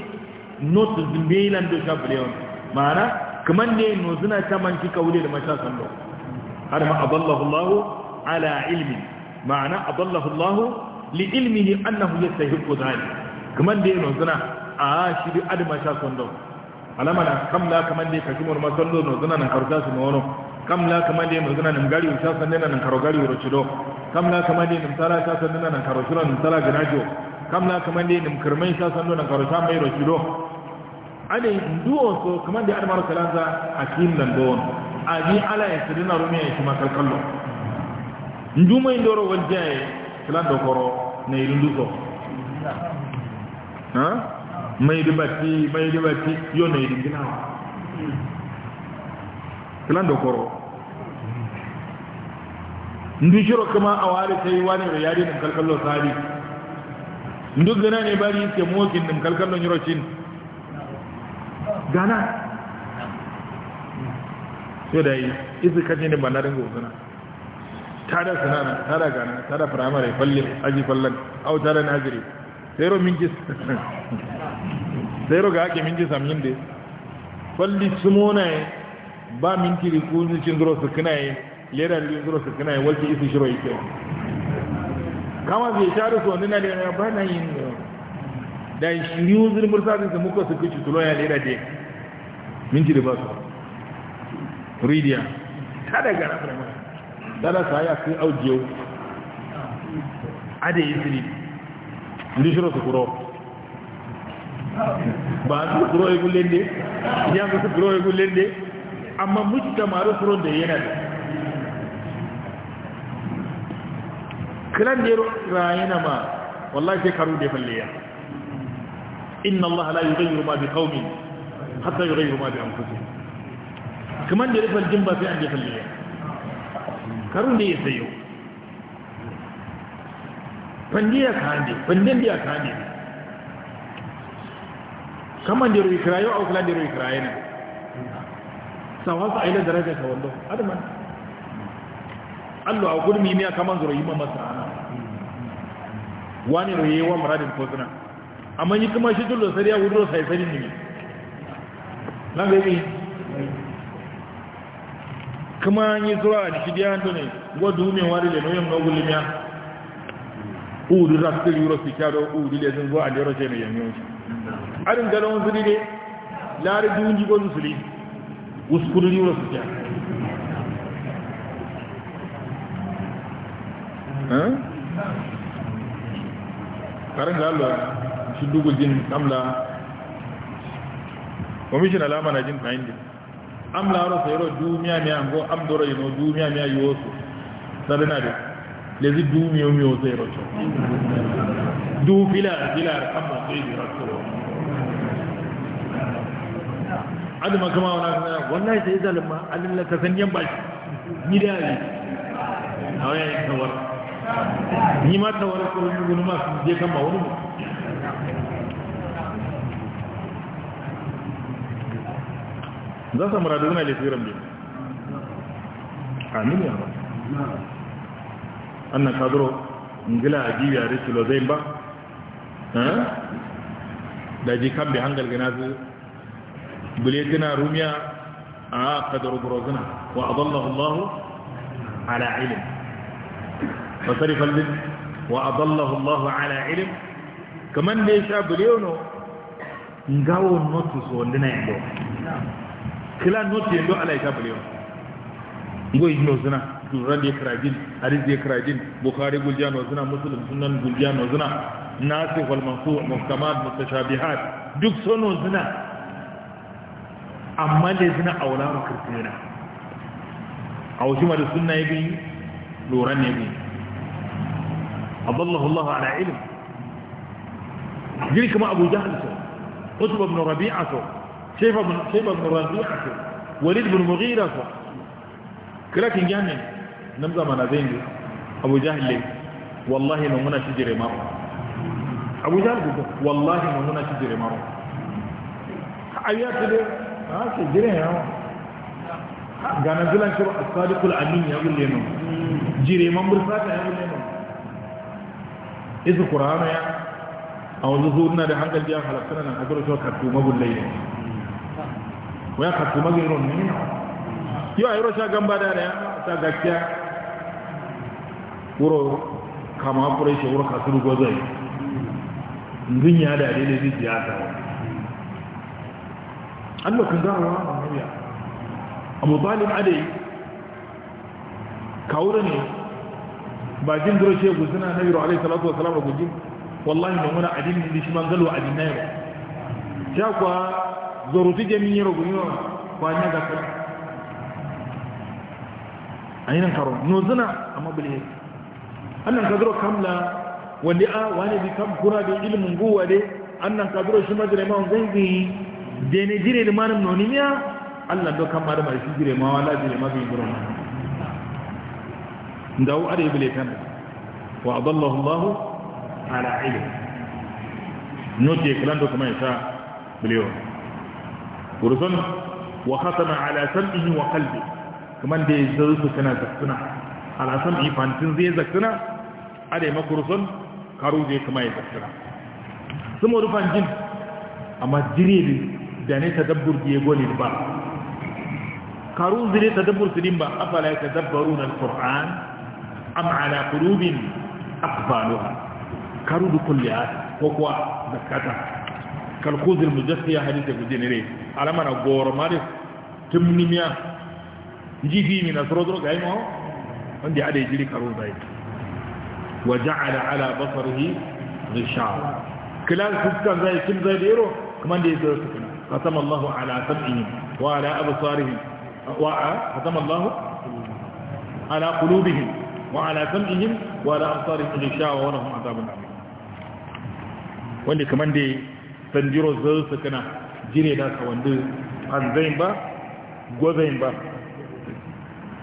not zimbelan do sha bulewono mana kaman de no zina ta manki kaule da masha sando har ma adallahu Allahu ala ilmi ma'ana adallahu Allahu li ilmihi annahu yastahiqu dhalik kaman de no zina a shi da adama sha sando kam la kam kamla ka jumur masollo no zana na karuta su mono kamla kamande mun zana nan gari usa sanena nan karo gari rochido kamla kamande nam tara ta sanena nan karo sura nam tara ganajo kamla kamande nam kirmai sa sanno nan karo ta mai rochido ani duo so kamande almar kalanza akim nan don aji ala ya sidina rumiya shi makalkallo nduma indoro waljaye kalando koro na irunduso ha yone di ginaaw kala kilando koro jiro kama awari sai wani da yari din kalkallo sari Ndu gana ne bari ke mokin din kalkallo cin. gana so dai izu kaje ne banarin gozuna tada sanana, tada gana tada firamare falle aji fallan au tada najiri sai minjis sero ga ake minti samin da falli simona ba minti ri ku ni cindro su kana yi lera da cindro su kana yi walti isi shiro ike kama zai share su wani na da ba na yin da yi uzuri mursa su muka su kici tulo ya lera de minti da ba su ridiya tada gara prema dala sa ya da yi zuri ndi shiro su kuro ba su kuroyi gullin ne ya su kuroyi gullin ne amma mutu da mujtamaru kuron da yana da kiran da rayana ma wallahi sai karu da falliya inna Allah la yughayyiru ma bi qaumin hatta yughayyiru ma bi anfusihim kaman da rufal ba sai an da falliya Karu ne ya sayo fandiya ka hande fandin da ya ka hande kaman diru ikrayo au kula diru ikrayena sawasa da daraja ta wando adman allo a gurmi ne kaman zuru yima masana wani roye wa muradin fosna amma yi kuma shi tullo sariya wuduro sai sari ne nan ga yi kuma yi zuwa a shi diyan to ne godu me wari da noyem nogun limiya udu rastul yuro sikaro udu le zan zuwa da yoro sai ne yanyo arin galon zuri de laari duunji go nusuli uskuru ni wala sutiya hein arin galo shi dugul jin amla commission alama na jin tayin amla ro sayro dumiya mi ango amdoro yino dumiya mi ayoso sadana de lezi dumiya mi o sayro cho du fila fila kamma sayro adama kama wani kuma wannan sai zalim ma alin la yan bashi ni da yi a waya yin tawar ni ma tawar ko wani gudu masu je kan ba wani za su muradu wani lisiran biyu A ya ba na kaduro ngila a jibiya da zai ba eh? da ji kan bi hangal gina su بليتنا رميا آه قدر بروزنا وأضله الله على علم فصرف الذن وأضله الله على علم كمان ليش بليونو نقاو النوتس ولنا يندو كلا نوت يندو على يشاب بليون نقو يجنو زنا Turan ya kira jin, Hadis ya kira jin, Bukhari guljan wa zina, Muslim sunan guljan wa zina, amma da suna aula ma kirkirina a wasu ma da suna ya biyu lura ne biyu abdullahi allahu ala ilim jiri kama abu jahal so utba bin rabi'a so shayba ibn bin ibn rabi'a so walid bin mughira so kirakin jahannam nan zamana zai ne abu jahal ne wallahi mun muna shi jire mako abu jahal gudu wallahi mun muna shi jire a mako ayatu ake ke jiran yawa ga na zilan shi a sadikul amin ya wule nan jire man bursata ya wule nan isa kurana ya a wanzu zuwa da hankali ya halatta nan a gurushewa kartu magulle ne wa ya kartu ron ne yau a yi rasha gamba da ya ta gaskiya wuro kama kurai shi wuro kasu gozo yi ngin ya da daidai zai siyasa Allah kun za a wa mamariya amma balin adai kawura ne ba jin duro ce guzina na biro alai salatu wa salama a gujin wallahi mai muna adin da shi man zalwa adin na yau sha kuwa zorutu jami'in yaro gujina kwanya ga kai a yi nan karo nozina amma bilhe annan ka zuro kamla wanda a wani bi kam kura da ilimin guwa dai annan ka zuro shi majalai ma'an zanzini dene jire da marim nonimiya allah do kan marim arshi jire ma wala jire ma bin gurin da wu are bile wa adallahu allah ala ilm note klan do kuma isa biliyo gurusun wa khatama ala sam'ihi wa qalbi kaman da zai kana zaktuna ala sam'i fantin zai zaktuna ma makursun karu zai kuma ya zaktuna sun wani fanjin amma jire da ne tadabbur ke golin ba karun zire tadabbur su din ba afala ya tadabbaru na alkur'an am ala qulubin aqbaluha karu da kulliya ko kuwa zakata kalkuzil mujassiya hadita gujinire alamana goro maris tumnimiya jifi min asrodro ga imo wanda ada jiri karun zai wa ja'ala ala basarihi ghishawa kilan sukkan zai kin zai dero kuma da ya zo su ختم الله على سمعهم وعلى أبصارهم ختم الله على قلوبهم وعلى سمعهم وعلى أبصارهم غشاوة ولهم عذاب عظيم wanda kamar da sanjiro zai su kana jire da ka wanda hanzayin ba gwazayin ba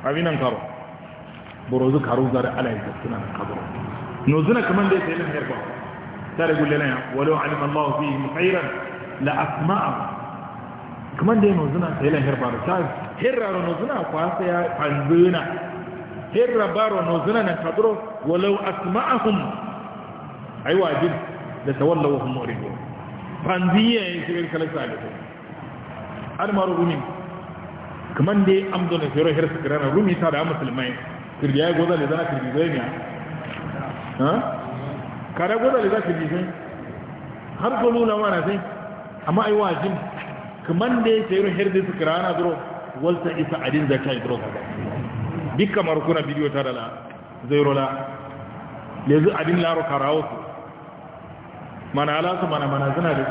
abinan karo borozu karo zara alayin da suna nan kaburo nozuna kamar da ya sayi nan yarba tare gulle na ya walau alim allahu fi khairan la asma'a ಕಮಂಡೇ ನೋಜುನ ತೈಲ ಹೆರ್ಬಾರು ತಾ ಹೆರ್ರಾರೋ ನೋಜುನ ಕ್ವಾಸೆಯ ಪಂಜುನ herra ba no zuna na kadro walau asma'ahum ai wajib da tawallaw hum muridu fanziya ya shigar kala salihu an maro rumi kaman dai amdo na fero her sakrana rumi ta da musulmai kirdiya goza da zana kirdi zai ne ha kare goza da zana zai har ko nuna mana zai? amma ai wajib kamande seyru herde sikrana duro walta isa adin zakai duro. kaga bikka kuna bidiyo tadala zeyrola lezu adin laro karawo mana ala su mana mana zina da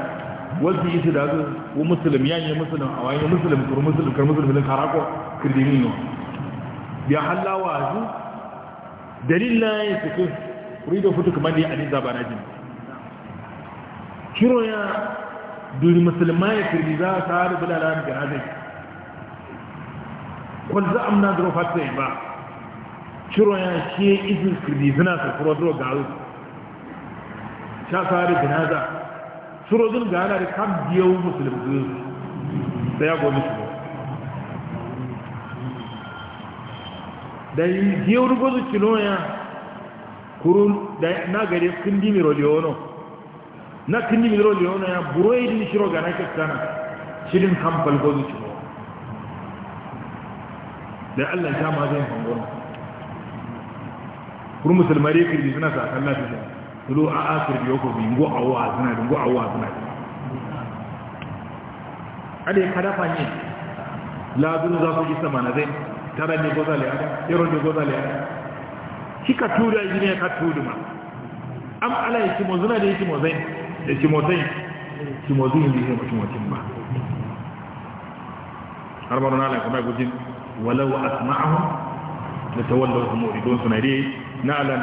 walta isa da su wa musulun ya yi musulun a wani musulun kuru musulun kar musulun bilin karako kirdini no ya halawa zu dalilin ya su ku rido fito kamar da ya adin zaba na jini kiro ya duri musulman ya kirgi za a sa'ar bilala da janazai kwanza amna da rufa ta yi ba ciro ya ke izin kirgi zina su zuwa gawo sha sa'ar janaza ciro zun ga yana kam biyau musulmi da ya gomi su da yi biyau rugozu ya da na gare sun dimi rodiyo na kini mi roli ona ya buroi ni shiro ga na kattana shirin hampal gozu shiro da Allah ya ma zai hangona kur musulmai kiri suna sa kan lafi da tulo a asir biyo ko bingo awwa suna bingo awwa suna ade kada fanye lazun za ku ji sama na zai tara ne goza le ada yero ne goza le ada ka tura ne ka ma am ala yake mo zuna da yake mo zai da timotai timotai ne ne timotin ba har ba ronaldo kuma gujin walau asma'ahum da tawallu hum uridun sunari na'lan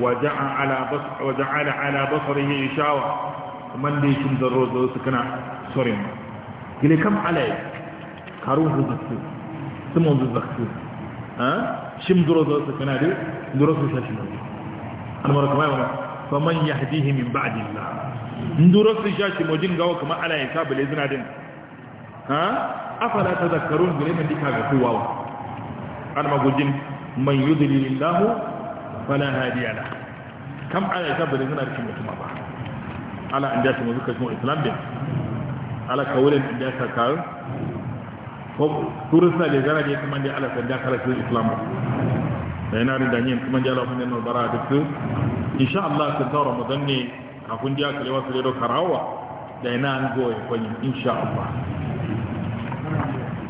waja'a ala basar waja'ala ala basarihi ishawa man dai kin zarro zo su kana sorin gile kam alai karun hudatu sumo zubaktu ha shim duro zo su kana dai duro su shashi almar kuma fa man yahdihi min ba'di allah nduro sun sha shi mojin gawa kuma ala yanka bale zina din ha afala tazakkarun gure mai dika ga kuwa wa an magujin man yudlilillahu fala hadiya la kam ala yanka bale zina din mutum ba ala inda shi muzuka shi islam din ala kawulin inda ka ka ko turisa da zara ne kuma da ala sanda kala su islam da yana da yin kuma ala mun ne bara da insha Allah ta ramadan ne kafin akundi akili wasilero karawa da an dainango kwenye insha Allah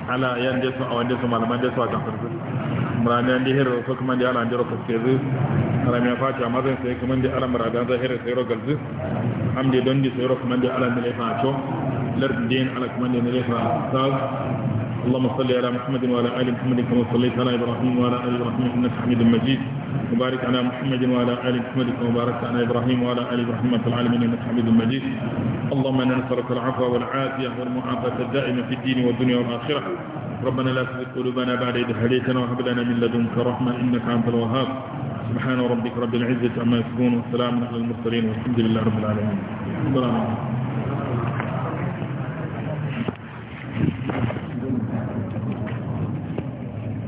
ala yande su awande su malaman da su a kafin su murani an dihir su kuma da ala jiro fuske zu murani ya faci a mazan sai kuma da ala muradan zahir sai ro galzu amde don di sai ro kuma da ala nile fa cho lardin ala kuma da nile fa saz اللهم صل على محمد وعلى ال محمد كما صليت على ابراهيم وعلى ال ابراهيم انك حميد مجيد وبارك على محمد وعلى آل محمد كما باركت على إبراهيم وعلى آل إبراهيم في العالمين إنك حميد مجيد اللهم إنا نسألك العفو والعافية والمعافاة الدائمة في الدين والدنيا والآخرة ربنا لا تزغ قلوبنا بعد إذ هديتنا وهب لنا من لدنك رحمة إنك أنت الوهاب سبحان ربك رب العزة عما يصفون والسلام على المرسلين والحمد لله رب العالمين السلام عليكم